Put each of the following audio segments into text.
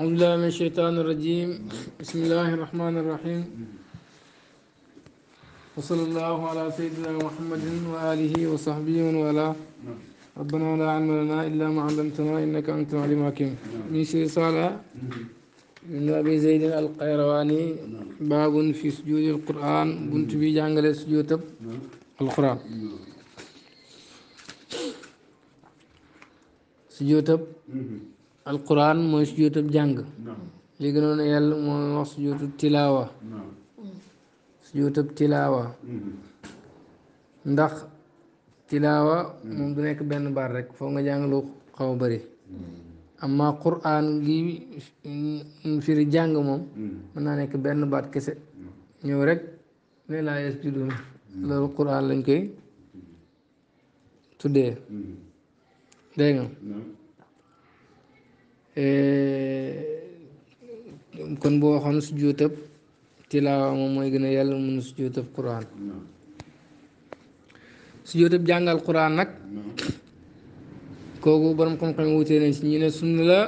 أعوذ بالله من الشيطان الرجيم بسم الله الرحمن الرحيم وصلى الله على سيدنا محمد وآله وصحبه ومن ربنا لا علم لنا إلا ما علمتنا إنك أنت العليم الحكيم من شيء صالح من أبي زيد القيرواني باب في سجود القرآن بنت بي جانجل سجود القرآن سجود alquran moy sujuutab YouTube léegi noonu yalla mo wax sujuutab YouTube tilawa, tilawa mm-hmm. ndax tilawa mm-hmm. moom du nek benn bar rek fo nga jang lu xaw bari Quran mm-hmm. amma qur'an gi ri jang mom man na nek benn bat kese ñew rek ne laa yasjudun loolu qur'an lañ koy tuddee dégg Eh, kon boo waxoon su jóotab mooy gën a yàlla mun su jóotab quraan su jàngal quraan nag kooku borom xam-xam wutee nañ si ñu ne sunna la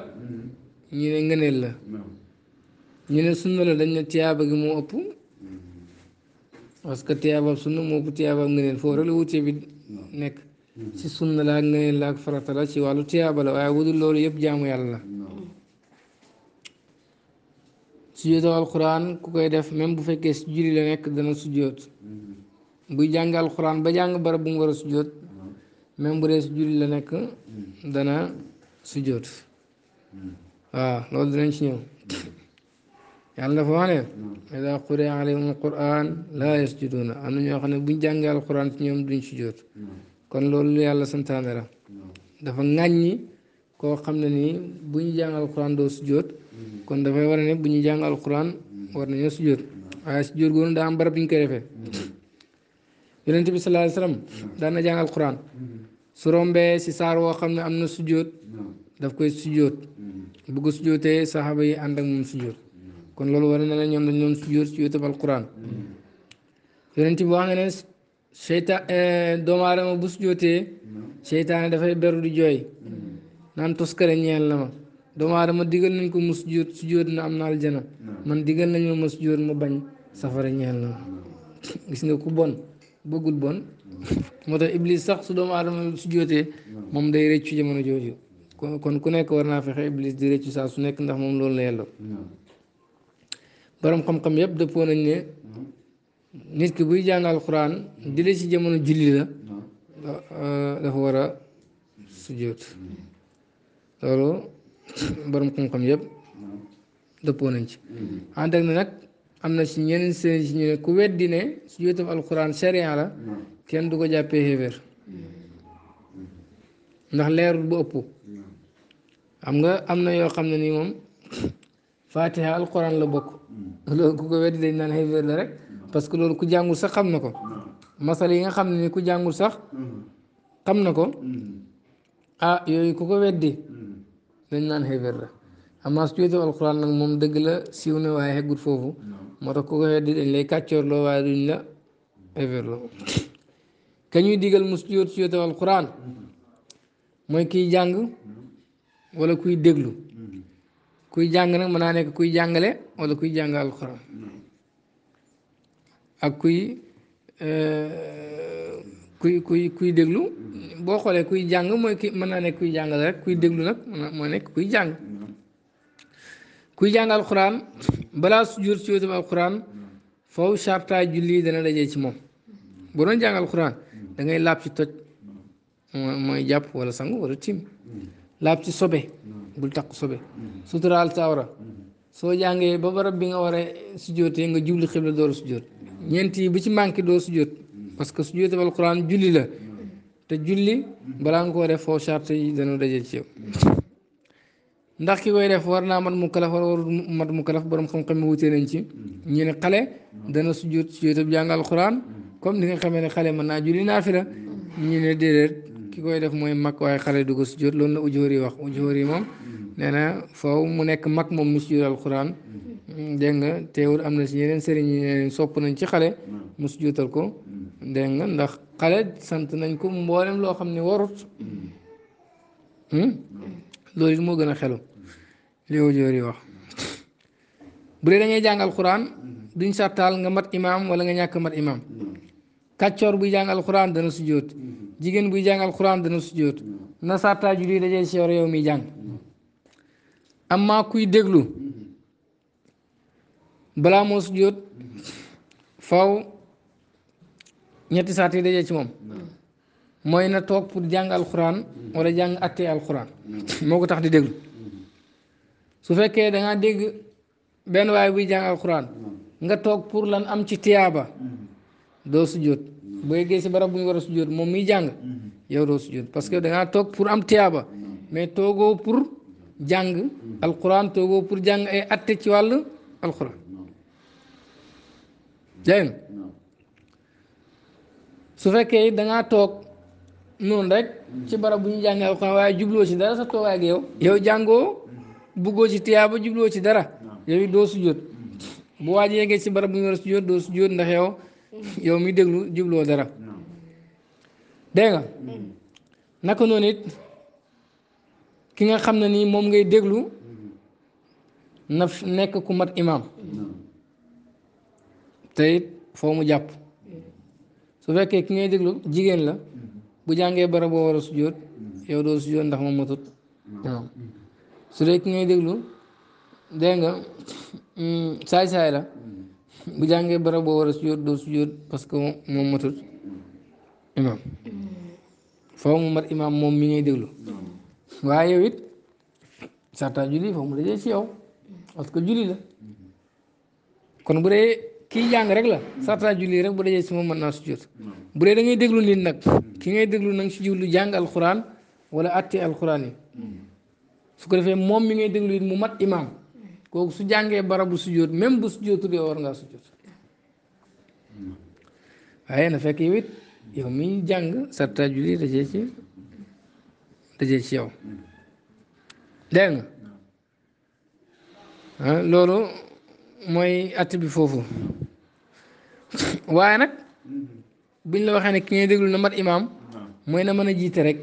ñu ne ngëneel la ñu ne sunna la dañ ne tiyaaba gi moo ëpp parce que tiyaabab sunna moo ëpp tiyaabab ngëneel foofu rek la bi nekk ci mm-hmm. sunna la ak ngëneel la ak farata ci wàllu tiyaaba la waaye wudul loolu yëpp jaamu yàlla la sujjóotal alxuraan ku koy def même bu fekkee la nekk dana sujjóot mm-hmm. buy jàng alxuraan ba jàng barab bu mu war bu dee si la nekk mm-hmm. dana sujjóot waaw loolu dinañ ci ñëw yàlla dafa wax ne ida quri'a alayhim alquran la yasjuduuna am na ñoo xam ne buñ jàngee alquran ci ñoom duñ sujjóot kon loolu yàlla santaane la dafa ŋàññi koo xam ne nii buñ ñu jàng alquran doo sujjóot kon dafay war a ne bu ñu jàng alquran war nañoo sujjóot waaye sujjóot googu daa am barab bu ñu koy defee yonent bi sallallahu alayhi wasallam daan na jàng alquran si saar woo xam ne am na sujjóot daf koy sujjóot bu ko sujjóotee saxaaba yi ànd ak moom sujjóot kon loolu war na ne ñoom dañ doon sujjóot sujjóotab alquran yonent bi wax nga ne seytaan eh, doomu aadama bu sujootee hmm. seytaane dafay beru di jooy hmm. naan toskare ñeel na ma doomu digal nañ ko mu sujoot sujoot na am na aljana hmm. man digal nañ ma ma sujoot ma bañ safara ñeel na ma gis nga ko bon bëggul bon moo tax iblis sax su doomu aadama sujootee moom day rëccu jamono jooju kon kon ku nekk war naa fexe iblis di rëccu saa su nekk ndax moom loolu la yelloo borom xam-xam yëpp dëppoo nañ ne nit ki buy jàng alquran dile ci jamono julli la dafa war a sujjóot loolu borom xam-xam yëpp dëppoo nañ ci ànd na nag am na ci ñeneen seen ci ku weddi ne sujjóotam alquran sharia la kenn du ko jàppee xéeféer ndax leerul bu ëpp xam nga am na yoo xam ne nii moom fatiha alquran la bokk loolu ku ko weddi dañ naan xéeféer la rek parce que loolu ku jàngul sax xam na ko masal yi nga xam ne ni ku jàngul sax xam na ko ah yooyu ku ko naan xeeféer dëgg la siiw na foofu moo tax ku ko weddi dañ lay kàccoorloo waaye duñ la xeeféer la ka digal mu su jóot su jóotee alxuraan mooy kiy jàng wala kuy déglu kuy jàng nag mën naa nekk kuy jàngale wala kuy jàng alxuraan ak kuy euh, kuy kuy kuy déglu boo xoolee kuy jàng mooy ki mën naa nekk kuy jàngal rek kuy déglu nag moo nekk kuy jàng kuy jàng alxuraan balaa sujjóot ci wetam alxuraan foofu sartaay julli dana dajee ci moom boo doon jàng alxuraan da ngay laab ci toj mooy jàpp wala sangu wala tim laab ci sobe bul takk sobe suturaal sa soo jàngee ba barab bi nga war a sujjóotee nga jubli xibla door sujjóot ñeent yi bu ci manqué doo sujjóot parce que sujjóote wal quran julli la te julli balaa nga koo def foo charte yi dañoo daje ci yow ndax ki koy def war naa mat mu kalaf war warul mat mu borom xam-xam yi wutee ci ñu ne xale dana sujjóot sujjóote bu jàngal comme ni nga xamee ne xale mën naa julli naafila ñu ne déedéet ki koy def mooy mag waaye xale du ko sujjóot loolu la ujoor wax ujoor yi moom Nana, fau foow mu nekk mag moom mu denga alquran mm. dégg nga teewul am na si yeneen sëriñ yi ne sopp nañ ci xale mm. loh ko mm. dégg nga ndax xale sant nañ ko mboolem loo xam ne imam, hmm? loolu it moo gën a xelu li wajoor yi wax bu dee dañuy jàng alquran duñ sartaal nga mat imam wala nga mat alquran dana alquran dana sujud na yow mi jang amma kuy deglu bala mo sujud faw ñetti saat dajé ci mom moy na tok pour jang alxuraan wala jang atté alxuraan moko tax di deglu su fekke da nga deg ben way bu jang alxuraan nga tok pour lan am ci tiyaba do sujud boy yeggee si barab bu ñu wara sujud mom mi jang yow do sujud parce que da nga tok pour am tiyaba mais togo pour. jàng alquran toogoo pour jàng ay atte ci wàll alquran dégg nga su fekkee da toog noonu rek ci barab bu ñu jàngee alquran waaye jubloo ci dara sa toogaay ak yow yow jàngoo buggoo ci tiyaaba jubloo ci dara yow it doo sujjóot bu waaj yeggee ci barab bu ñu war a sujjóot doo sujjóot ndax yow yow mi déglu jubloo dara dégg nga hmm. naka noonu it ki nga xam ne nii moom ngay déglu na nekk ku mat imaam te foo mu jàpp su fekkee ki ngay déglu jigéen la bu jàngee bara boo war a sujjóot yow doo sujjóot ndax moom matut imaam su ngay déglu dégg nga mm, saay la bu jàngee bara boo war a parce que moom matut imaam foo mu mat imaam moom mi ngay déglu waye wit it sarta julli foofu mu dajee ci yow parce que julli la kon bu dee kii jàng rek la sarta julli rek bu dajee ci moom mën naa sujjóot bu dee da ngay déglu nit nak ki ngay déglu nag si jiwlu jàng alquran wala atti alquran yi su ko defee mom mi ngay déglu nit mu mat imam kooku su jàngee barabu sujud même bu sujjóotul yow war nga sujud waaye na fekk yow it yow mi jàng sarta julli dajee ci dajee ci yow dégg nga ah, loolu mooy att bi foofu waaye nag biñ la waxee ne ki ngay déglu na mat imaam mooy na mën a jiite rek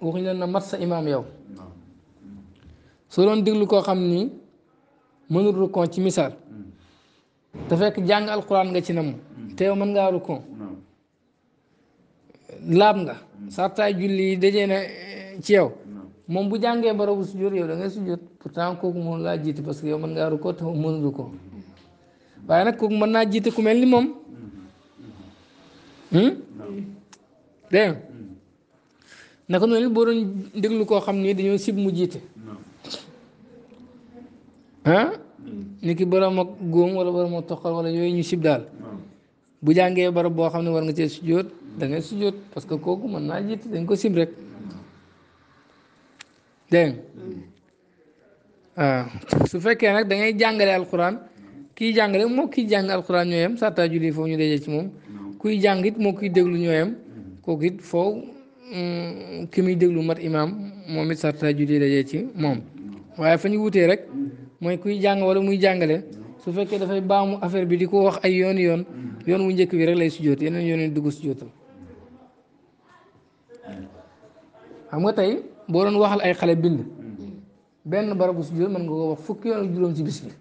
waxuñ la na mat sa imaam yow soo doon déglu koo xam ni mënul rukkon ci misaal te fekk jàng alquran nga ci namm te yow mën ngaa rukkon laab nga sartaay julli yi dajee ne ci yow moom bu jangé barabu sujud yow da nga sujud pourtant kooku mënu la jiite parce que yow ru ko taw te mënulu ko waaye nag kooku man na jiite ku melni mom hmm dégg hmm. nak no ni borom deglu ko xamni dañu sib mu jiite ah hmm. niki borom ak góom wala borom ak wala yoy ñu sib dal bu jangé barab bo xamni war nga ci sujud da nga sujud parce que kooku man na jiite dañ ko sib rek dégg nga ah, su fekkee nag dangay ngay jàngale alquran kiy jàngale moo kiy jàng alquran ñoo yem sarta julli foofu ñu dajee ci moom kuy jàngit it moo kiy déglu ñoo kookit kooku foofu mm, ki muy déglu mat imaam moom it sarta julli dajee ci moom waaye fa ñu wutee rek mooy kuy jàng wala muy jàngale su fekkee dafay baamu affaire bi di ko wax ay yoon yoon yoon wu njëkk bi rek lay sujjóot yeneen yoon yi dugg sujjóotal xam nga tey boo wahal waxal ay xale bind hmm. ben barabu sujjóot mën nga ko wax fukki yoon ak juróom ci bis bi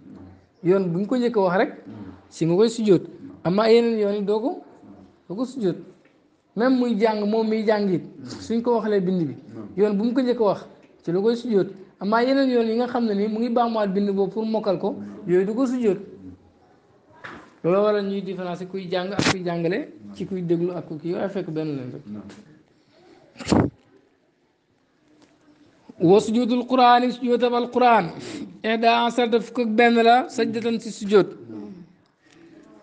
yoon bu ñu ko njëkk wax rek hmm. si nga koy sujjóot amaa yeneen yoon yi même muy hmm. ko bind bi yoon bu mu ko njëkk wax ci la koy sujjóot amaa yeneen yoon yi nga xam ne mu ngi baamuwaat bind boobu pour mokkal ko yooyu du ko sujjóot loolu ñuy différence kuy ak kuy ci kuy déglu ak fekk ben rek wa sujudul quraan sujudam al quraan ida ansarta fukk ak benn la sajdatan si sujud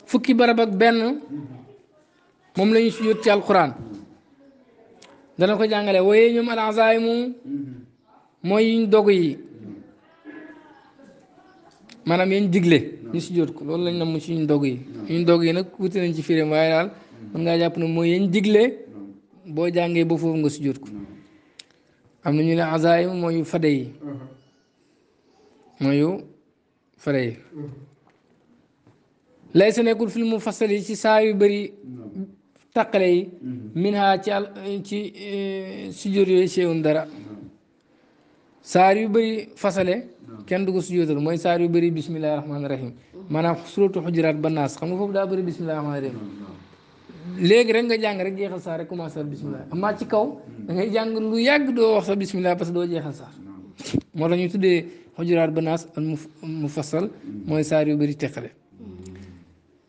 fukki barab ak benn moom la ñuy sujud ci alquran dana ko jàngale waaye ñoom alansaay mu mooy yuñ dog yi maanaam yañ digle ñu sujud ko loolu lañ nam ci ñu dog yi ñu dog yi nag wuti nañ ci firim waaye daal mën ngaa jàpp ne mooy yañ digle boo jàngee ba foofu nga sujud ko am na ñu ne azaayim mooy yu fade yi mm-hmm. mooy yu fade yi mm-hmm. lay sa nekkul fil mu fasal yi ci saa yu bëri taqale yi mm-hmm. min ha ci al ci eh, sujjóot yooyu séewun dara saar yu bëri fasale kenn du ko sujjóotal mooy saar yu bëri bismillahi rahmaani rahim maanaam suratu xujuraat ba naas xam nga foofu daa bëri bismillahi rahmaani rahim léegi rek nga jàng rek jeexal saar rek commencé ak bisimilah amaa ci kaw hmm. da jàng lu yàgg doo wax sa bisimilah parce que doo jeexal saar hmm. moo tax ñu tuddee xujuraat banaas al mufassal hmm. mooy saar yu bëri teqale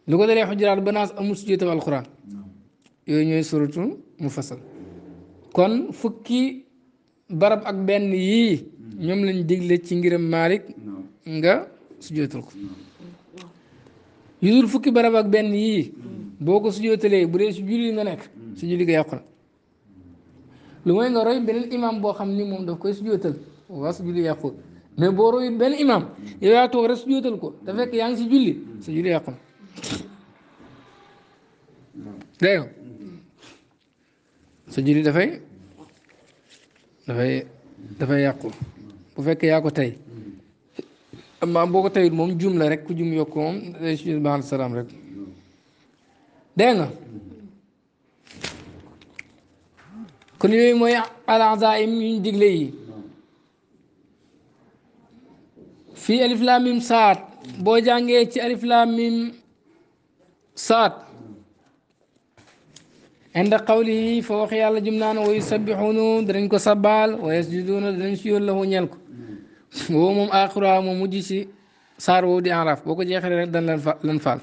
ko dalee xujuraat banaas amul su jiitam alquran yooyu ñooy mu fasal kon fukki barab ak benn yii ñoom lañ digle ci ngiram Malik nga sujootal ko yu dul fukki barab ak benn yii boo ko sujjootalee bu dee si julli nga nekk si julli nga lu mooy nga roy beneen imam boo xam ni moom daf koy sujjootal waa si julli yàqu mais boo roy benn imam yow yaa toog ko te fekk yaa ngi si julli si julli dafay dafay yàqu bu fekkee yaa ko tey amma boo ko teyul moom jum la rek ku jum yokk moom day sujjoot baaxal salaam rek دينا كل يوم يا العظائم يندقلي في ألف لام ميم صاد بوجانجي تي ألف لام ميم صاد عند قوله فوخي الله جمنان ويسبحون درنكو سبال ويسجدون درنشيون له نيالكو ومم آخرها ممجيسي صار وودي عرف بوكو جيخري لنفال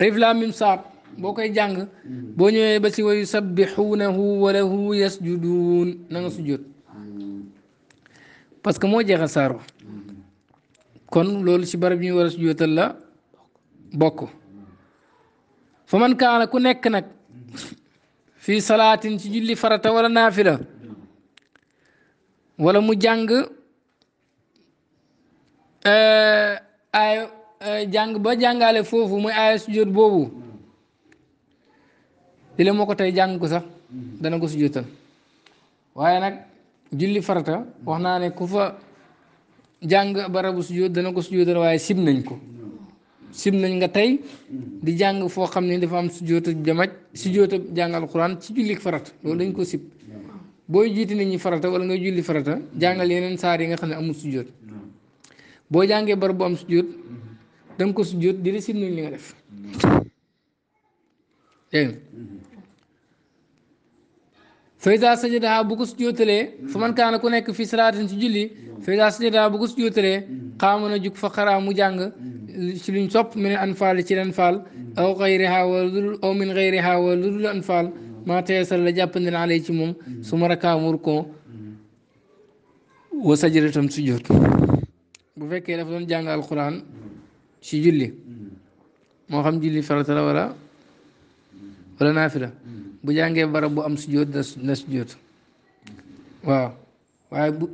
alif laam miim saad boo koy jàng boo ñëwee ba si wa yusabbixuunahu wa lahu yasjuduun na nga sujjóot parce que moo jeexal saaro kon loolu si barab yi ñu war a sujjóotal la bokk fa man kaana ku nekk nag fii salaatin ci julli farata wala naafila wala mu jàng eh, aayo Euh, jàng ba jàngale foofu mooy aaya sujjóot boobu di la moo ko tey jàng ko sax dana ko sujjóotal waaye nag julli farata wax naa ne ku fa jàng barabu sujjóot dana ko sujjóotal waaye sib nañ ko sib nañ nga tey di jàng foo xam ne dafa am sujjóota jamaj sujjóota jàng alxuraan ci julli farata loolu dañ ko sib booy jiiti nit ñi farata wala ngay julli farata jàngal yeneen saar yi nga xam ne amul sujjóot boo jàngee barabu am sujjóot danga ko sujjóot di resim nañ li nga def dégg nga Fayda sajada bu fa man kaana ku nekk fii salaatin ci julli Fayda sajada bu ko sujjóotalee xaama na jug fa xaraa mu jàng ci luñ sopp min anfaal ci anfaal aw xayriha wala ludul aw min anfaal maa teesal la jàppandi na ci moom su ma rakaa mur ko wa sajada sujjóot bu fekkee dafa doon jàng alquran ci julli mm-hmm. moo xam julli farata la wala wala naafila mm-hmm. bu jàngee barab bu am sujjóot na sujjóot mm-hmm. waaw waaye bu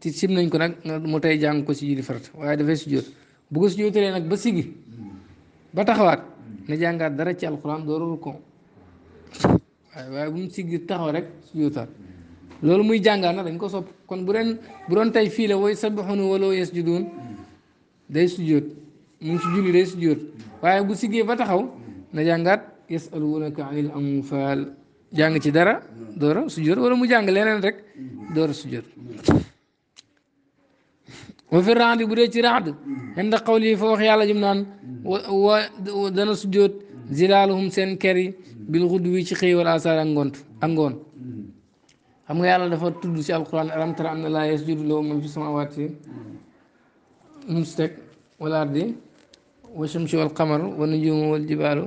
ti sim nañ ko nag mu tey jàng ko ci farata waaye dafay sujjóot bu ko sujjóotalee nag ba siggi ba taxawaat na jàngaat dara ci alxuraan dooru ko waaye bu mu sigi taxaw rek sujjóotaat loolu muy jàngaat nag dañ ko sopp kon bu ren bu doon tey fii la way sabbixunu wala yasjuduun day sujjóot mu ngi si julli waaye bu siggee ba taxaw na jàngaat yasalunaka anil anfaal jàng ci dara door a sujjóot wala mu jàng leneen rek door a sujjóot wa fi raad bu dee ci raad xen da xawli fa wax yàlla jëm naan wa dana sujjóot zilaaluhum seen ker yi bil xudwi ci xëy wala asaar ak ngont ak xam nga yàlla dafa tudd ci alquran alam tara anna laa yasjudu lahu man fi samaawaati mum si teg والشمس والقمر والنجوم والجبال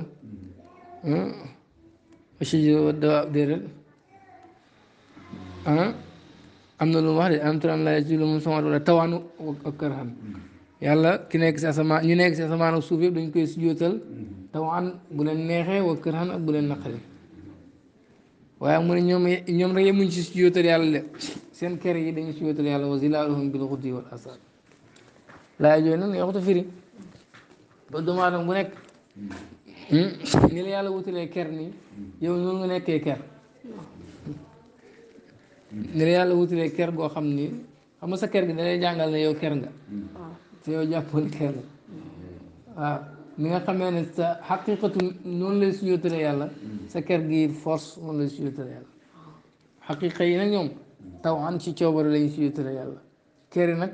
والشجر والدواب ديرل am na lu mu wax de am turan laa yasjudu moom sama wala tawaanu ak kër xam yàlla ki nekk si asamaan ñu nekk si asamaan ak suuf yëpp dañ koy sujjóotal tawaan gu leen neexee wa kër xam ak bu leen naqari waaye mu ne ñoom ñoom rek yemuñ si sujjóotal yàlla de seen kër yi dañuy sujjóotal yàlla wa zilaaluhum bil ghuduwwi wal aasaal laa yooyu nag yow firi. ba doomu nekk hmm, ni la yàlla wutalee ker nii yow noonu nga nekkee ker ni la yàlla wutalee ker goo xam ni xam nga sa ker gi da lay jàngal ne yow ker nga te yow jàppoon ker la waaw ni ne sa xaqiqatu noonu yàlla sa ker gi force noonu lay suyootale yàlla xaqiqa yi nag ñoom taw an ci coobare lañu suyootale yàlla kër yi nag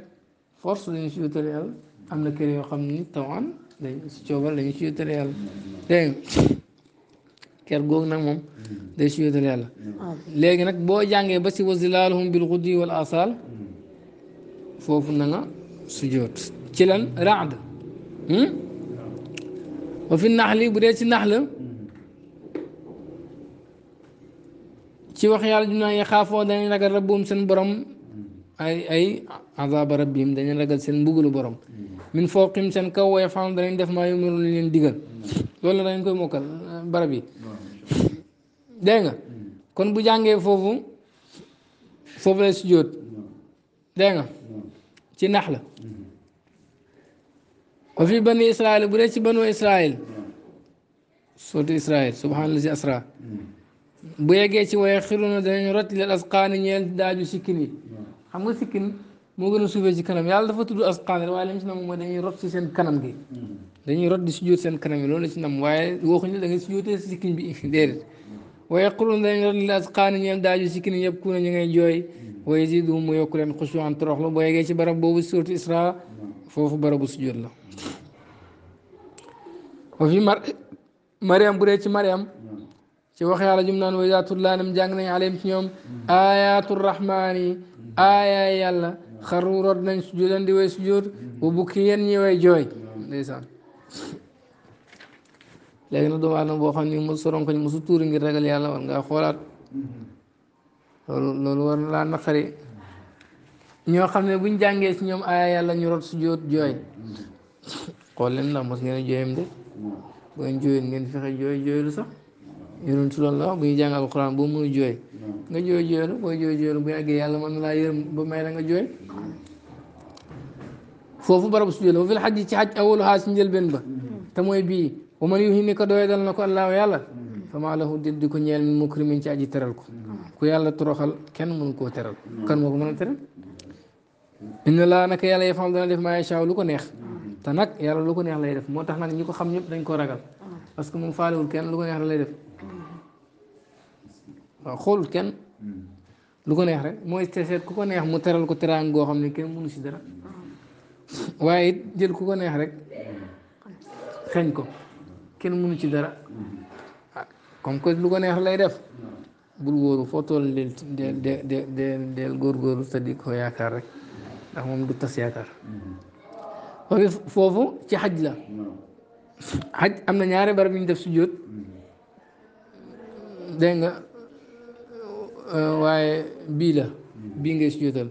force lañu yàlla am na kër yoo xam ni taw dañ coobal dañu ci yóotal yàlla dégg ker goog nag moom day ci yóotal yàlla léegi nag boo jàngee ba si wa zilaaluhum bil xuddi wal asal foofu na nga sujjoot ci lan raad wa fi nax li bu dee ci nax la ci wax yàlla junaa yi xaafoo dañuy ragal rabbum seen borom ay ay azaba rabbihim dañuy ragal seen mbugulu borom min fooqim seen kaw waaye faam danañ def maa yumaru li leen digal loolu dañ koy mokkal euh, barab yi dégg nga kon bu jàngee foofu foofu lay sujjóot dégg nga ci nax la wa fi bani israil bu dee ci banu israil sootu israil subhanallah si asra bu yeggee ci waye xiruna danañ rot lil asqaani ñeel daaju sikkin yi xam moo gën a suufee ci kanam yàlla dafa tudd asqaanir waaye li mu si nam mooy dañuy rot si seen kanam gi dañuy rot di sujjóot seen kanam yi loolu la si nam waaye waxuñu da nga sujjóotee si sikkiñ bi déedéet wa yaquloon dañuy rot lil asqaani ñoom daaju sikkiñ yëpp ku ne ñu ngay jooy wa yaziduhum mu yokku leen xusuan toroxlu boo yeggee ci barab boobu suuratu Isra foofu barabu sujjóot la wa fi mar mariam bu dee ci mariam ci wax yàlla jum naan wa idaa tutlaa jàng nañ alayhim ci ñoom ayaatu rahmaani aaya yàlla xarru rod nañ leen di way sujud bu bukki yenn ñi way jooy ndeysaan nag doomu aadama boo xam ni mu soronkoñ mosu tuuri ngir ragal yàlla war ngaa xoolaat loolu loolu war na laa naqari ñoo xam ne buñ jàngee ci ñoom aaya yàlla ñu rot sujud jooy xool leen ndax mos ngeen a jooyam de bu ngeen jooyeen ngeen fexe jooy jooylu sax yonent loolu la wax bu ñu jàng alxuraan boo mënu jooy nga jooy jooylu booy jooy jooylu bu yàggee yàlla mën na laa yërëm ba may la nga jooy foofu barabu sujjóot la fil ci xaj awalu njëlbeen ba te mooy bii wa man yuhi ni dal na ko allaahu yàlla fama lahu did di ko ñeel min mukrimin ci aji teral ko ku yàlla toroxal kenn mënu koo teral kan moo ko mën a teral inna laa naka yàlla yefam dana lu ko neex te nag yàlla lu ko neex lay def moo tax nag ñi ko xam ñëpp dañ ko ragal parce que moom faalewul kenn lu ko neex lay def waaw xoolul kenn hmm. lu ko neex rek mooy seet ku ko neex mu teral ko teraang goo xam ne kenn mënu si dara hmm. waaye it jël ku ko neex rek hmm. xeñ ko kenn mënu ci dara ah, comme que lu ko neex lay def bul wóoru foo toll del góor del del di ko yaakaar rek ndax moom du tas yaakaar foofu ci xaj la xaj am na ñaari bara yu def sujjóot dégg Euh, waaye bii la bii ngay sujootal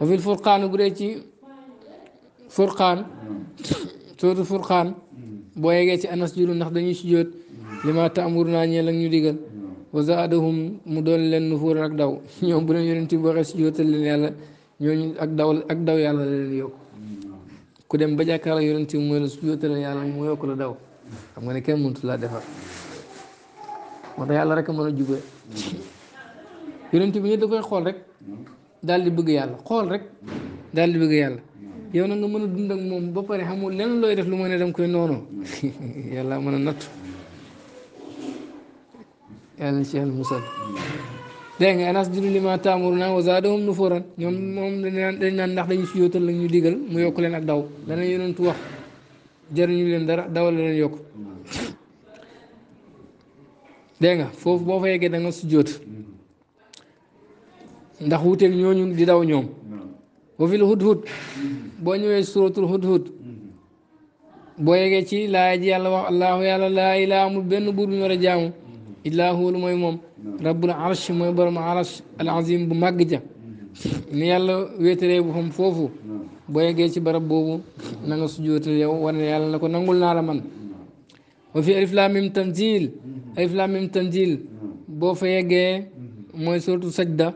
wa fil furqaan dee ci furqaan sootu furqaan boo yeggee ci anas juru ndax dañuy sujoot li ma taamuru naa ñee la ñu digal wa zaadahum mu doon leen nu nufuur ak daw ñoom bu leen yonent bi waxee sujootal leen yàlla ñooñu ak daw ak daw yàlla la leen yokk ku dem ba jàkkaarloo yonent bi mooy la sujootal yàlla mu yokk la daw xam nga ne kenn mënut laa defa moo tax yàlla rek a mën a jubee yonent bi nit da koy xool rek dal di bëgg yàlla xool rek daal di bëgg yàlla yow na nga mën a dund ak moom ba pare xamul lenn looy def lu ma ne dama koy noonu yàlla mën a natt yàlla ci yàlla musal dégg nga anas didu ndax dañu si yóotal la ñu digal mu yokk leen ak daw dana yonentu wax jëriñu leen dara dawal la leen yokk dégg nga foofu boo fa yeggee da nga ndax wuuteeg ñooñu di daw ñoom hmm. wa fil hudhud boo ñëwee suratul hudhud hmm. boo yeggee ci laaya ji yàlla wax allahu yàlla laa ilaa amul benn buur bu war a jaamu hmm. illaa huwa mooy moom rabbul arsh mooy borom arsh al bu màgg ja ni yàlla wéetaree bu xam foofu boo yeggee ci barab boobu na nga sujootal yow war na yàlla na ko nangul naa man wa fi alif mim tanzil boo fa yeggee mooy suratul sajda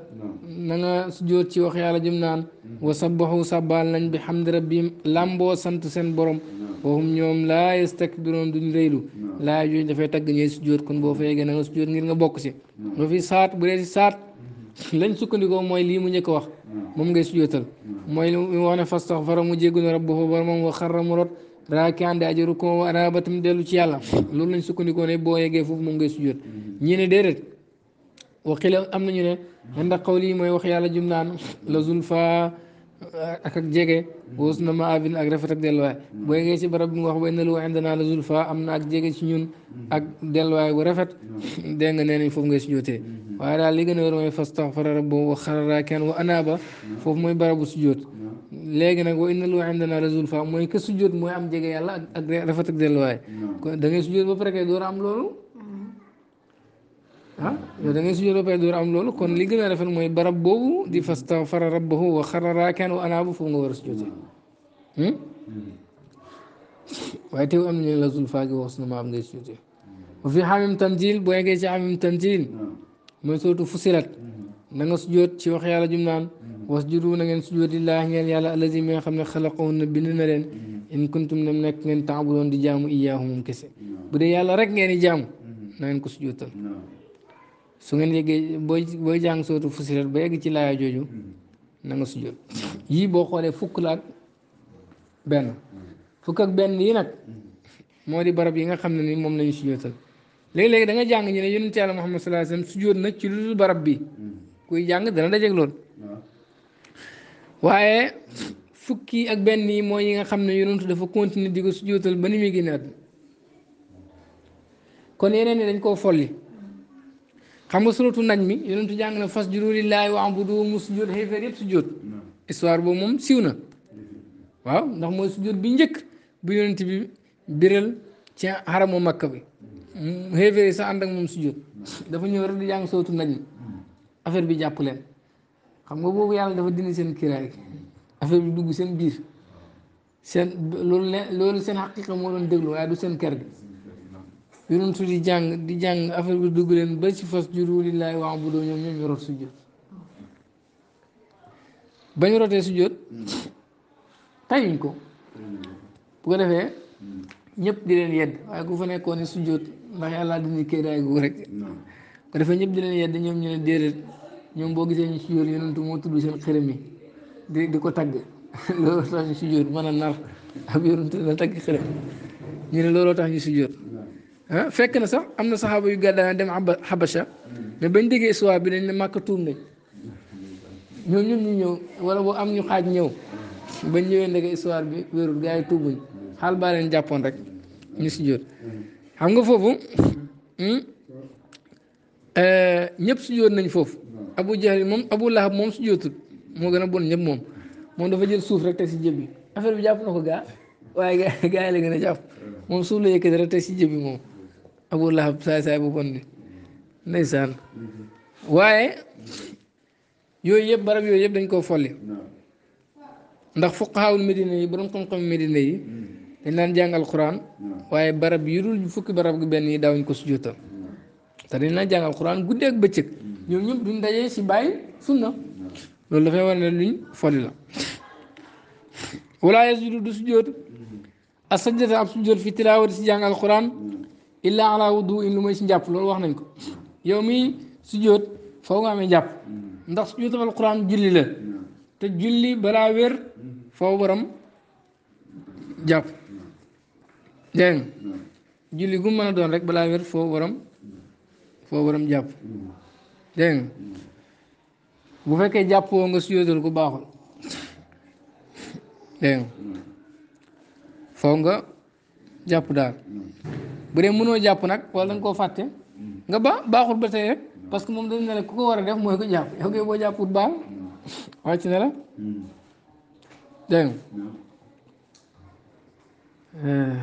na nga sujjóot ci wax yàlla jëm naan wa sabbahu sabbal nañ bi hamdi rabbihim làmboo sant seen borom wahum ñoom laa yastakbiroon duñ rëylu laa yooyu dafay tagg ñooy sujjóot kon boo fa yeggee na nga sujjóot ngir nga bokk si ba fi saat bu sukkandikoo mooy lii mu njëkk wax moom ngay sujjóotal mooy li mu wax ne fastaxfara mu jéggul rabbahu boromam wa xarra mu rot raakaan di aji rukkoo wa anaba tam dellu ci yàlla loolu lañ sukkandikoo ne boo yeggee foofu moom ngay sujjóot ñi ne déedéet وقيل امنا ني عند قولي موي واخ يالا جيم نان لا زولفا اك اك جيغي وسنا ما ابن اك رفتك دلواي بو غي سي برب واخ وين لو عندنا لا زولفا امنا اك جيغي سي نون اك دلواي و رفت دنگ نين فوف غي سجوتي واي دا لي غنور موي فاستغفر رب و خرر كان وانابا فوف موي برب سجوت legi nak wo inna lu indana rasul fa moy ke sujud moy am jege yalla ak rafatak delu way da ngay sujud ba pare kay do ram lolou ها دا نيسو جلو بي دور ام لولو كون لي غنا رافل موي برب بوبو دي فاستغفر ربه وخر راكان وانا بو فو نغور سجود هم واي تيو ام ني لازول فاغي واسنا ما ام نعم ني سجود وفي حميم تنزيل بو ايغي سي حميم تنزيل موي سوتو فصيلات نغا سجود سي وخ يالا جوم نان واسجدو نغن نعم سجود لله نيل يالا الذي ما خمن خلقون بننا لين نعم. ان كنتم نم نك نين تعبدون دي جامو اياهم كسي بودي يالا رك نين جام نين كو سجودتال su ngeen yëggee booy booy jàng sootu fusilat ba yegg ci laaya jooju hmm. na nga sujjóot yii boo xoolee fukk la ak benn fukk ak benn yi nag moo di barab yi nga xam ne ni moom la ñu sujjóotal léegi-léegi da nga jàng ñu ne yonent Yàlla Muhammad sallallahu alayhi wa sallam sujjóot nag ci lu dul barab bi hmm. kuy jàng dana dajeeg loolu waaye fukki ak benn yi mooy yi nga xam ne yonentu dafa continuer di ko sujjóotal ba ni muy génnaat kon yeneen ni dañ koo folli xam nga suratu naj mi yonent bi jàng na fas juru lillaahi wa abudu mus jur xéeféer yëpp sujjóot histoire boobu moom siiw na waaw ndax mooy sujjóot bi njëkk bu yonent bi biral ci xaramu makka bi xéeféer yi sax ànd ak moom sujjóot dafa ñëw rek di jàng suratu naj mi affaire bi jàpp leen xam nga boobu yàlla dafa dindi seen kiraay affaire bi dugg seen biir seen loolu loolu seen xaqiqa moo doon déglu waaye du seen ker gi yonentu di jàng di jàng affaire bi dugg leen ba ci fas juru lillahi wa abudoo ñoom ñoom ñu rot sujjóot ba ñu rotee sujjóot tayuñ ko bu ko defee ñëpp di leen yedd waaye ku fa nekkoon ni sujjóot ndax yàlla dindi kay daay gu rek bu ñëpp di leen yedd ñoom ñu ne déedéet ñoom boo gisee ñu sujjóot yonentu moo tudd seen xërëm yi di di ko tagg looloo tax ñu sujjóot mën a nar ab yonentu dina tagg xërëm ñu ne looloo tax ñu sujjóot Ah, fekk na sax am na saxaaba yu gàddaa dem Habasha mais bañ déggee histoire bi dañ ne Màkka tuub nañ ñoom ñun ñu ñëw wala boo am ñu xaaj ñëw bañ ñëwee ndege histoire bi wérul gars yi tuubuñ xaal baa leen jàppoon rek ñu si jóot xam nga foofu hmm? eh, ñëpp si jóot nañ foofu Abu Jahl moom Abu Lahab moom si jóotul moo gën a bon ñëpp moom moom dafa jël suuf rek teg si jëb bi affaire bi jàpp ko gaa waaye gaa yi la gën a la yëkkati rek teg si jëb bi moom abu lahab saay saay bu bon bi ndeysaan waaye yooyu yëpp barab yooyu yëpp dañ koo folli ndax fuqahaawul medina yi borom xam-xam medina yi dañ daan jàng alquran waaye barab yu dul fukki barab gi benn yi daawuñ ko sujjóotal te dañ daan jàng alquran guddi ak bëccëg ñoom ñëpp duñ dajee si bàyyi sunna loolu dafay war ne luñ folli la walaa yasujudu du sujjóot asajjata ab sujjóot fi tilaawati si jàng alquran illa ala wudu in lu may si njàpp loolu wax nañ ko yow mi sujjóot faw nga amee njàpp ndax sujjóotal alquran julli la te julli balaa wér faw jàpp dégg nga julli gu mën a doon rek balaa waram jàpp dégg bu fekkee jàpp nga suyootal ku baaxul dégg nga nga jàpp daal bu dee mënoo jàpp nag wala da koo fàtte nga ba baaxul ba tey rek parce que moom dañu ne la ku ko war a def mooy ko jàpp yow kay boo jàpput baal na la eh,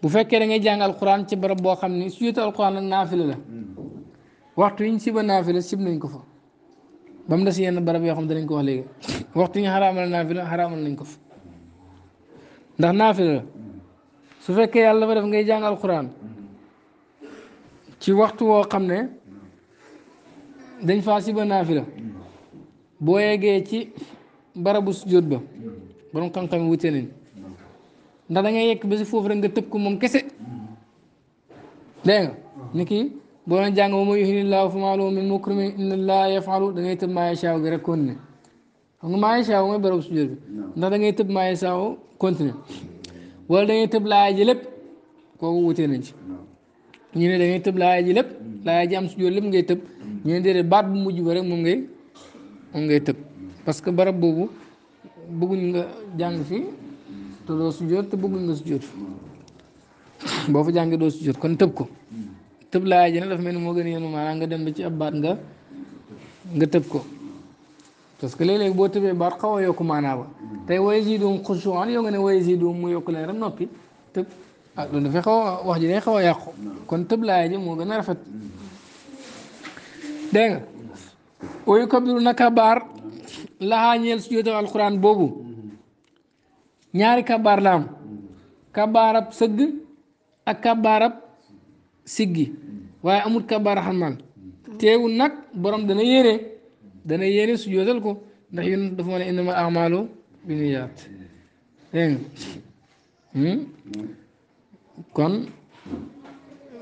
bu fekkee da ngay jàng alquran ci barab boo xam ni su yëtu alquran nag naafila la waxtu yi ñu siba naafila sib nañ ko fa ba mu des yenn barab yoo xam danañ ko léegi waxtu yi ñu xaraamal naafila xaraamal nañ ko ndax naafila su fekkee yàlla dafa def ngay jàng alxuraan ci waxtu woo xam ne dañ fa siba naafila boo yeggee ci barabu sujjóot ba borom xam-xam wute nañ ndax da ngay yekk ba si foofu rek nga tëb ko moom kese dégg nga ni kii boo doon jàng wa maa yuhini llaahu famaa lahu min mukrimin inna llaaha yaf'alu da ngay tëb maa yashaa gi rek continuer xam nga maa yashaa mooy barabu sujjóot bi ndax da ngay tëb maa yashaa continuer wala da ngay tëb laaya ji lépp kooku wutee nañ ci ne da ngay tëb ji lépp laaya ji am su joor lépp ngay tëb mm. ñu ne baat bu mujj ba rek moom ngay moom ngay tëb mm. parce que barab boobu bëgguñ nga jàng fi te doo su te bëgguñ nga su joor mm. boo fa jàngee doo su joor kon tëb ko tëb laaya ji nag dafa mel ni moo gën a yenu maanaam nga dem ba ci ab baat nga nga tëb ko parce que léeg-léeg boo tëbee baat xaw a yokku maanaa ba tey way zidum xushuan yow nga ne way zidum mu yokku leen rek noppi tëb ah loolu dafay xaw a wax ji day kon tëb laay ji moo gën a rafet dégg nga wayu kabiru naka baar laxaa ñeel su jootaw alquran boobu ñaari kabaar la am kabaarab sëgg ak kabaarab siggi nag borom dana yéree dana yéene su jootal ko ndax yéen dafa hmm? kon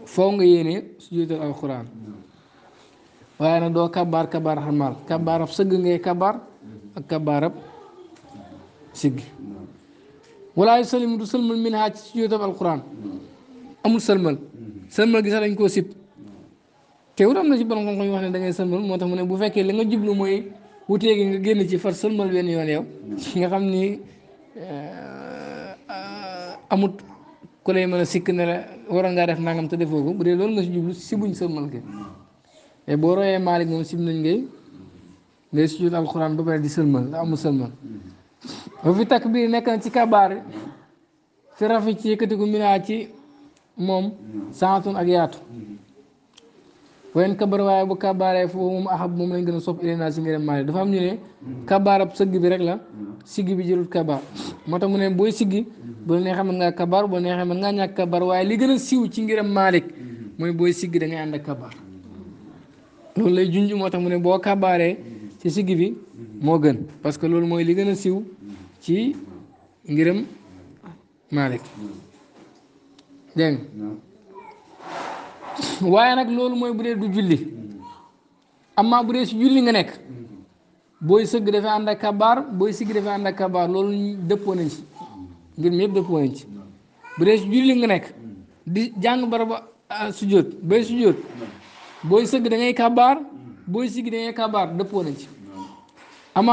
foo nga yéene su jootal alquran waaye nag doo kabaar kabaar xamal kabaarab sëgg ngay kabaar ak kabaarab sigg walaayu salim du sëlmal min haa ci su jootal alquran amul sëlmal sëlmal gi sax sib teewul am na ci borom xam-xam yi wax ne da ngay sëlmal moo tax mu ne bu fekkee li nga jublu mooy wutee gi nga génn ci far sëlmal benn yoon yow nga xam ni euh, amut ku lay mën a sikk ne la waroon ngaa def nangam te defoo ko bu dee loolu nga si jublu si buñ sëlmal ke boo royee Maalik moom sib nañ ngay ngay sujud alquran ba pare di sëlmal da amul sëlmal ba fi takk biir nekk na ci kabaar fi rafi ci yëkkatiku minaa ci moom saatun ak yaatu wen kabar waaye bu kabaaree foofu moom ahab moom lañ gën a sopp iléena si ngërëm maale dafa am ñu ne kabaarab sëgg bi rek la siggi bi jëlut kabaar moo tax mu ne booy siggi bu la mën ngaa kabaar bu neexee mën ngaa ñàkk kabaar waaye li gën a siiw ci ngërëm maalik mooy booy siggi da ànd ak kabaar loolu lay junj moo tax mu ne boo kabaaree ci siggi bi moo gën parce que loolu mooy li gën a siiw ci ngërëm maalik dégg waaye nag loolu mooy bu dee du julli amma bu dee si julli nga nekk booy sëgg dafay ànd ak kabaar booy sigg dafay ànd ak kabaar loolu dëppoo nañ ci mbir ci bu dee nga nekk di jàng baraba ah, sujjóot bay booy sëgg da ngay booy sigg da ngay kabaar dëppoo nañ ci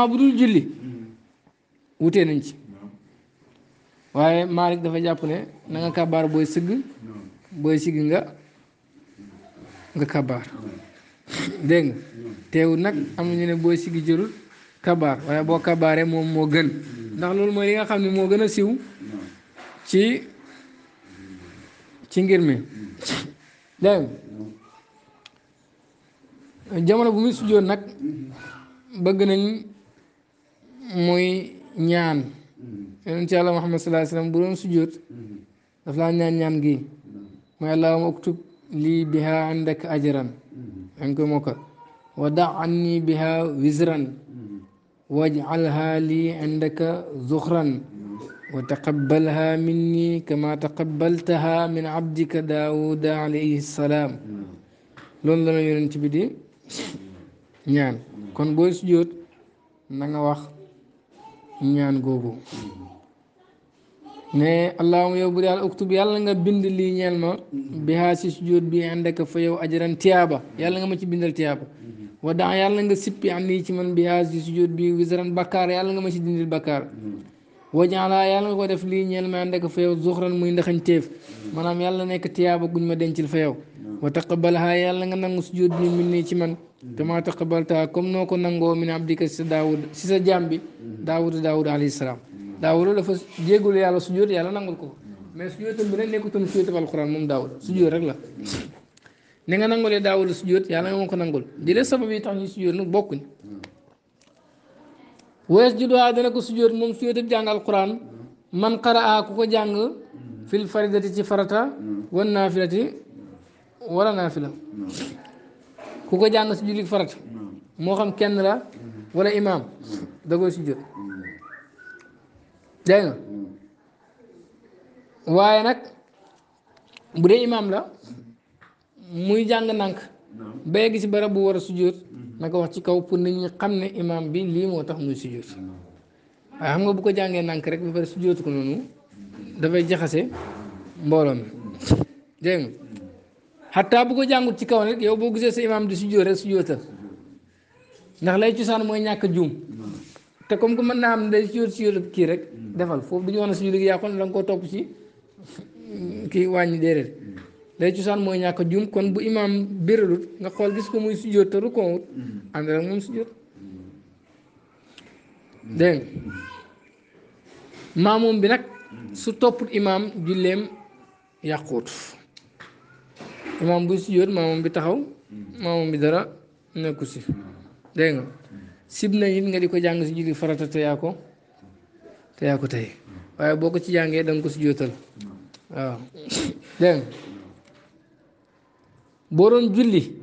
bu dul julli wutee nañ ci waaye Malick dafa jàpp ne na nga kabaar booy sëgg booy sigg nga nga kabaar dégg nga nag am ñu ne boo sigi jërul kabaar waaye boo kabaaree moom moo gën ndax loolu mooy li nga xam ne moo gën a siw ci ci ngir mi dégg jamono bu muy sujjoon nag bëgg nañ mooy ñaan yonent Yàlla Muhammad sallallahu alayhi bu doon sujjoot daf laa ñaan ñaan gi mooy allahumma uktub لي بها عندك أجرا عنك موكا ودع عني بها وزرا واجعلها لي عندك زخرا وتقبلها مني كما تقبلتها من عبدك داود عليه السلام لون لون يرن تبدي نعم كون بوي سجود نغا واخ نعم غوغو ne allahuma yow bu yàlla uktub yàlla nga bind lii ñeel ma bi haa si sujjóot bi àndaka fa yow ajaran tiyaaba yàlla nga ma ci bindal tiyaaba wa daa yàlla nga sippi nii ci man bi haa si sujjóot bi bakkaar yàlla nga ma ci dindil bakkaar wajaala yàlla nga ko def lii ñeel ma àndaka fa yow zuxran muy ndaxañ téef maanaam yàlla nekk tiyaaba guñ ma dencil fa yow wa taqabalha yàlla nga nangu sujjóot bi min nii ci man kama taqabalta comme noo ko nangoo min abdika si sa daawud si sa jaam bi daawud daawud alayhi salaam daawuda dafa jéggul yàlla sujjóot yàlla nangul ko mais sujjóotam bi nag nekkutoon sujjóotam alxuraan moom daawuda sujjóot rek la ni nga nangulee daawuda sujjóot yàlla nga ko nangul di la sabab yi tax ñuy sujjóot nag bokkuñ wees ji ah, dana ko sujjóot moom sujjóotam jàng alxuraan man qaraa ku ko jàng fil faridati ci farata wan naafilati wala naafila ku ko jàng si julli farata moo xam kenn la wala imaam da koy sujjóot dégg waaye nag bu dee imaam la muy jàng nank ba yegg si barab bu war a sujjóot na wax ci kaw pour nit ñi xam ne imaam bi lii moo tax muy sujjóot waaye xam nga bu ko jàngee nànk rek ba pare sujjóotu ko noonu dafay jaxase mbooloon mi dégg bu ko jàngut ci kaw rek yow boo gisee sa imaam di sujjóot rek sujjóotal ndax lay cosaan mooy ñàkk juum te comme que mën naa am day siyoor siyoor kii rek hmm. defal foofu du ñu wax ne suñu liggéey yàqoon la nga koo topp ci kii wàññi déedéet day hmm. cosaan mooy ñàkk jum kon bu imaam béralut nga xool gis ko muy sujjóot te rukoowut hmm. ànd ak moom sujjóot dégg bi nag su topput imaam julleem yàquut imaam buy sujjóot maamoom bi taxaw maamoom bi dara nekku ci dégg nga sib na it nga di ko jàng si julli farata te yaa ko te yaa ko tey waaye boo ko ci jàngee danga ko si jootal waaw boo doon julli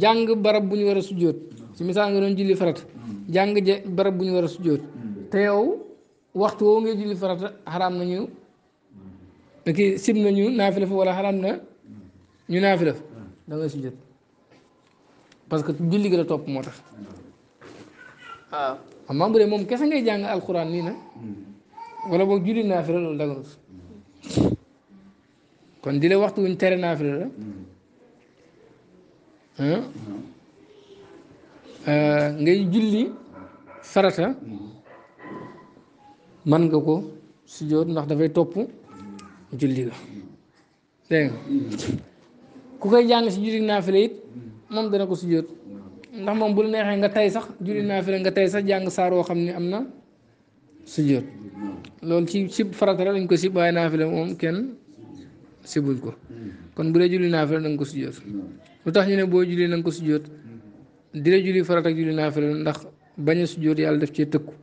jàng barab bu ñu war sujjóot si misaal nga doon julli farata jàng je barab bu ñu war a sujjóot te yow waxtu woo ngay julli farata xaraam nañu kii sib nañu naafila fa wala xaraam na ñu naafila fa da ngay sujjóot parce que julli gi la topp moo tax waaw amaa bu moom kese ngay jàng alxuraan nii na wala boo julli naafila loolu daganut kon di la waxtu wuñ la hmm. euh, ngay julli farata man nga ko sujjóot ndax dafay topp julli la dégg nga hmm. ku koy jàng si julli naafila it moom dana ko sujjóot ndax moom bul neexee nga tay sax julli naafila nga tay sax jàng saar woo xam ne am na sujjóot loolu ci sib farata la ko sib waaye naafila moom kenn sibuñ ko kon bu dee julli naafila da nga ko sujjóot lu tax ñu ne boo julli na nga ko sujjóot di la julli farata ak julli naafila ndax bañ a sujjóot yàlla def cee tëkku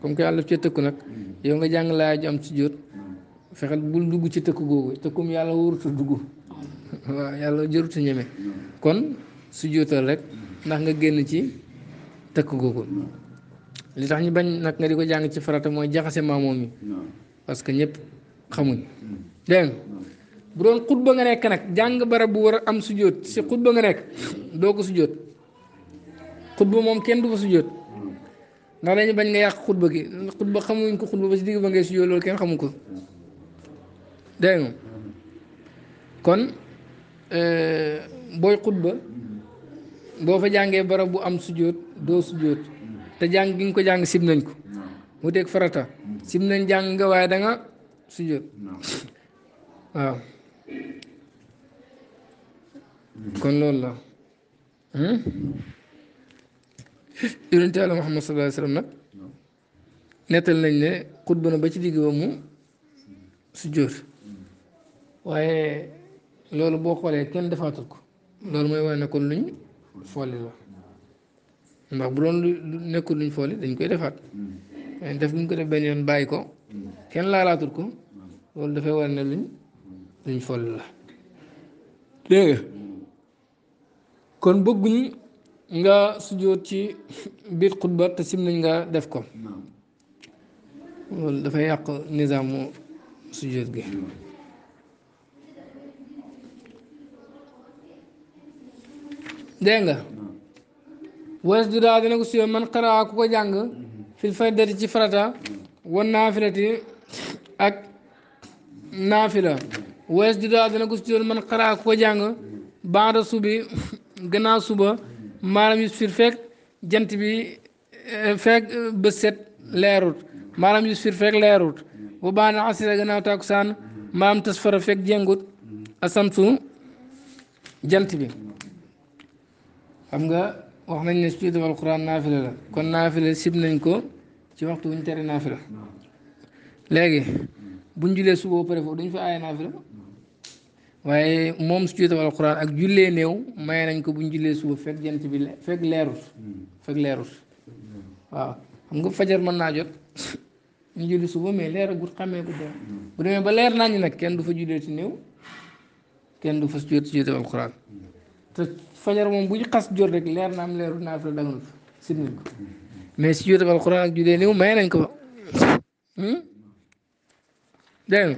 comme que yàlla def cee tëkku nag yow nga jàng laa ju am sujjóot fexeel bul dugg ci tëkku googu tëkkum yàlla wóorutu dugg waaw yàlla jërutu ñeme sujjóotal rek ndax nga génn ci tëkk ko li tax ñu bañ nag nga di ko jàng ci farata mooy jaxase maamoom yi parce que ñëpp xamuñ dégg bu doon xutba nga nekk nag jàng barab bu war a am sujjóot si xutba nga nekk doo ko sujjóot xutba moom kenn du ko sujjóot ndax dañu bañ nga yàq xutba gi xutba xamuñ ko xutba ba si digg ba ngay sujjóot loolu kenn xamu ko dégg nga kon euh, booy xutba boo fa jàngee barab bu am sujjóot doo sujjóot te jàng gi nga ko jàng sib nañ ko mu teg farata sib nañ jàng nga waaye danga nga sujjóot waaw kon loolu la hmm? yonent Yàlla Muhammad sallallahu alayhi nag nettal nañ ne xutba ba ci digg ba mu sujjóot mm. waaye loolu boo xoolee kenn defaatul ko loolu mooy wane ne kon luñ folli la ndax bu doon lu nekkul luñ folli dañ koy defaat mm. def buñ ko def benn yoon bàyyi ko mm. kenn laalaatul ko loolu dafay war ne luñ luñ folli la dégg nga mm. kon bëgguñ nga sujjóot ci biir xutba te sim nañ nga def ko loolu dafay yàq nizaamu sujjóot gi dégg nga was du daa dina ko suyoo man xaraa ku ko jàng fil faydati ci farata wan naafilati ak naafila was du daa dina ko man xaraa ku ko jàng baada subi gannaaw suba maalam yus fir fekk jant bi eh, fekk bët set leerut maalam yus fir fekk leerut bu baana asira gannaaw tàkkusaan maalam tasfara fekk jengut asamsu jant bi xam nga wax nañ ne sujud wal quran naafila la kon naafila sib nañ ko ci waxtu wuñ tere naafila léegi buñ julee suba ba pare foofu duñ fa aaye naafila waaye moom sujud wal quran ak jullee néew maye nañ ko buñ julee suba fekk jant bi fekk leerut fekk leerut waaw xam nga fajar mën naa jot ñu julli suba mais leer agut xamee bu dem bu demee ba leer nañ nag kenn du fa jullee ci néew kenn du fa sujud sujud wal quran fajar moom bu ñu xas jot rek leer na am leeru naafila daganul sib nañ mais si jotam alquran ak nañ ko hmm? dégg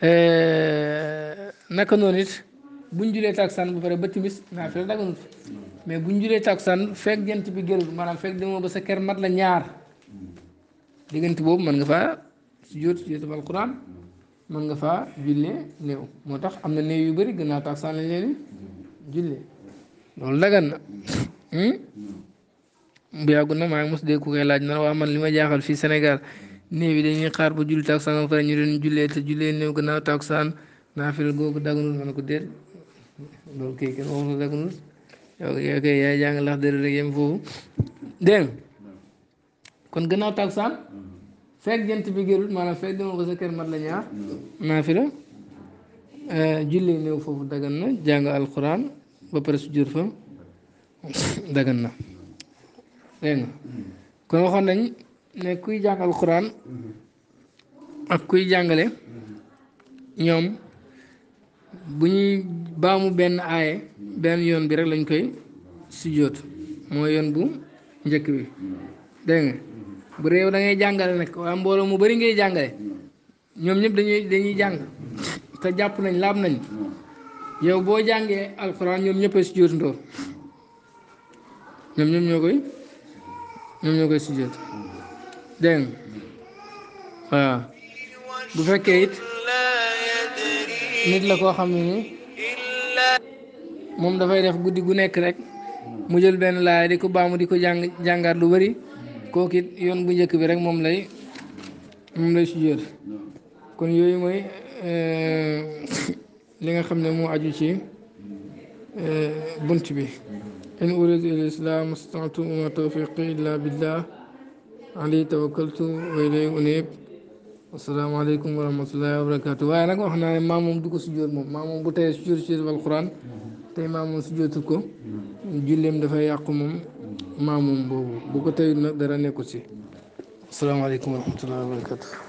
eh, naka noonu it buñ julee taksaan mais buñ julee taksaan fekk jant bi gërul maanaam fekk demoo ba sa kër la ñaar diggante boobu mën nga faa sujjóot sujjóotab nga faa néew moo tax am na néew yu bari gën naa taksaan lañ leen julli loolu dagan na hmm? bu yàggu na maa ngi mos dégg ku koy laaj na waa man li ma jaaxal fii Sénégal néew dañuy xaar ba julli takusaan ba pare ñu doon jullee te néew gannaaw takusaan jàng lax dëgg ba pare su jur fa dagan na dégg kon waxoon nañ ne kuy jàngal Alxuraan ak kuy jàngale ñoom bu ñuy baamu benn aaye benn yoon bi rek lañ koy sujjóot mooy yoon bu njëkk bi dégg nga bu réew da ngay jàngale nag waa mbooloo mu bari ngay jàngale ñoom ñëpp dañuy dañuy jàng te jàpp nañ laab nañ yow boo jàngee alxuraan ñoom ñëpp a sujjóot ndóor ñoom ñoom ñoo koy ñoom ñoo koy bu fekkee it nit la koo xam ne ni moom dafay def guddi gu nekk rek mu jël benn laaya di ko baamu di ko jàng jàngaat lu bari kooku yoon bu njëkk bi rek moom lay moom lay sujjóot kon yooyu mooy euh, li nga xam ne moo aju ci bunt bi in uridu il islam statu ma tawfiqi illa billah ali tawakkaltu wa ilayhi unib asalaamaaleykum wa rahmatullahi wa barakatu waaye nag wax naa ne maam moom du ko sujjóot moom maam moom bu tayee sujjóot sujjóot alquran tey maam moom sujjóotu ko julleem dafay yàqu moom maam moom boobu bu ko tayut nag dara nekku si asalaamaaleykum wa rahmatullahi wa barakatu